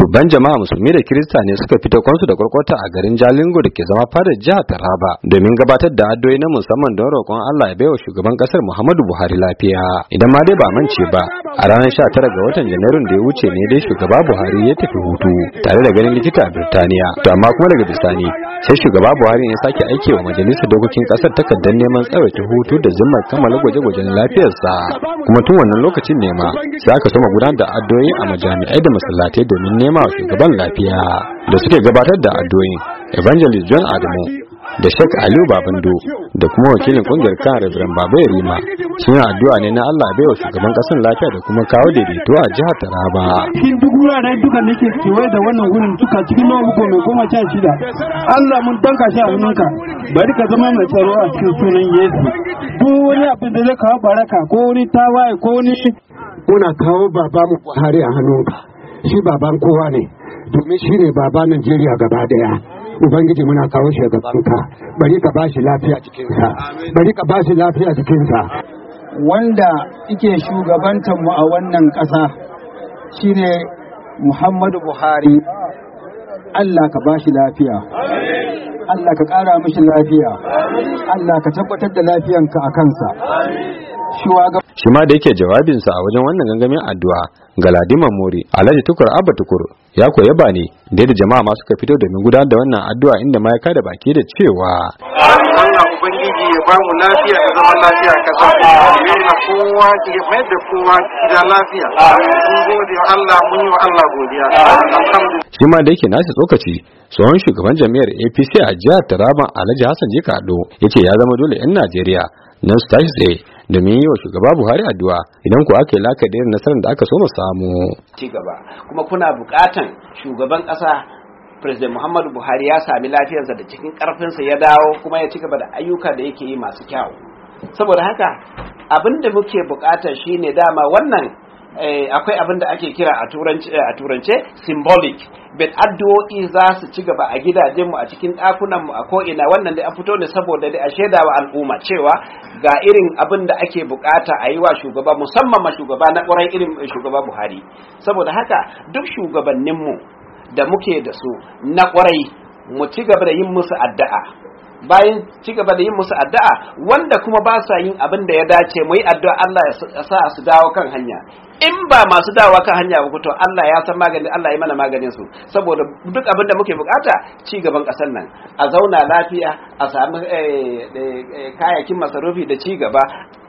dubban jama'a musulmi da kirista ne suka fito kwansu da kwarkwata a garin jalingo da ke zama fadar jihar taraba domin gabatar da addu'o'i na musamman don roƙon allah ya baiwa shugaban ƙasar muhammadu buhari lafiya idan ma dai ba mance ba a ranar sha tara ga watan janairun da ya wuce ne dai shugaba buhari ya tafi hutu tare da ganin likita a birtaniya to amma kuma daga bisani sai shugaba buhari ne sake aiki wa majalisar dokokin ƙasar takardar neman tsawaita hutu da zimmar kammala gwaje-gwajen lafiyarsa kuma tun wannan lokacin ne ma sai aka soma gudanar da addu'o'i a majami'ai da masallatai domin nema shugaban lafiya da suke gabatar da addu'o'in evangelist john adamu da shek aliyu babando da kuma wakilin kungiyar kan reverend baba yarima sun yi addu'a ne na allah bai wa shugaban kasan lafiya da kuma kawo daidaito a jihar taraba cikin duk wurare duka nake kewaye da wannan wurin duka cikin mako mai goma sha shida allah mun danka shi a hannunka bari ka zama mai tsaro a cikin sunan yesu ko wani abin da zai kawo baraka ko wani tawaye ko wani muna kawo baba mu buhari a hannunka shi baban kowa ne domin shi ne baba Najeriya gaba daya. Ubangiji muna kawo shi gabanka bari ka ba shi lafiya jikinsa bari ka ba shi lafiya jikinsa wanda ike shugabantar mu a wannan ƙasa shine Muhammadu Buhari Allah ka ba shi lafiya Allah ka ƙara mishi lafiya Allah ka tabbatar da lafiyanka a kansa shi ma da yake jawabinsa a wajen wannan gangamin addu'a ga ladiman mori alhaji tukur abba tukur ya koya ba ne da yadda jama'a ma suka fito domin gudanar da wannan addu'a inda ma ya da baki da cewa ubangiji da shi ma da yake nasi tsokaci tsohon shugaban jami'ar APC a jihar Taraba Alhaji Hassan Jika yace ya zama dole 'yan Najeriya nan su tashi tsaye domin yi wa shugaba buhari addu'a idan ku aka yi lakadin nasarar da aka so mu samu ci kuma kuna bukatan shugaban kasa president muhammadu buhari ya sami lafiyarsa da cikin karfinsa ya dawo kuma ya ci gaba da ayyuka da yake yi masu kyau. saboda haka abin da muke bukata shine dama wannan Eh, akwai abin da ake kira a eh, turance symbolic bet addu'o'i za su ci gaba a gidajen mu a cikin ɗakunan mu a ko'ina wannan dai an fito ne saboda dai a shaida wa al'umma cewa ga irin abin da ake bukata a yi wa shugaba musamman ma shugaba na ƙwarai irin eh, shugaba buhari saboda haka duk shugabannin mu da muke da su na ƙwarai mu ci gaba da yin musu addu'a bayan ci gaba da yin musu addu'a wanda kuma ba sa yin abin da ya dace mu yi addu'a Allah ya sa su dawo kan hanya in ba masu dawo kan hanya ba to Allah ya san magani Allah ya mana maganin su saboda duk abin da muke bukata ci gaban kasar nan a zauna lafiya a samu eh, eh, eh, kayayyakin masarufi da ci gaba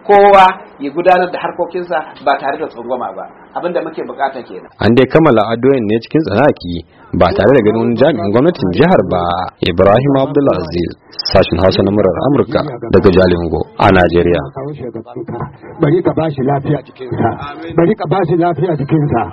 kowa ya gudanar da harkokinsa ba tare da tsangwama ba abin da muke bukata kenan an dai kammala adoyin ne cikin tsanaki ba tare da ganin jami'in gwamnatin jihar ba ibrahim abdullah aziz sashin hausa na murar amurka daga jalingo a najeriya bari ka bashi lafiya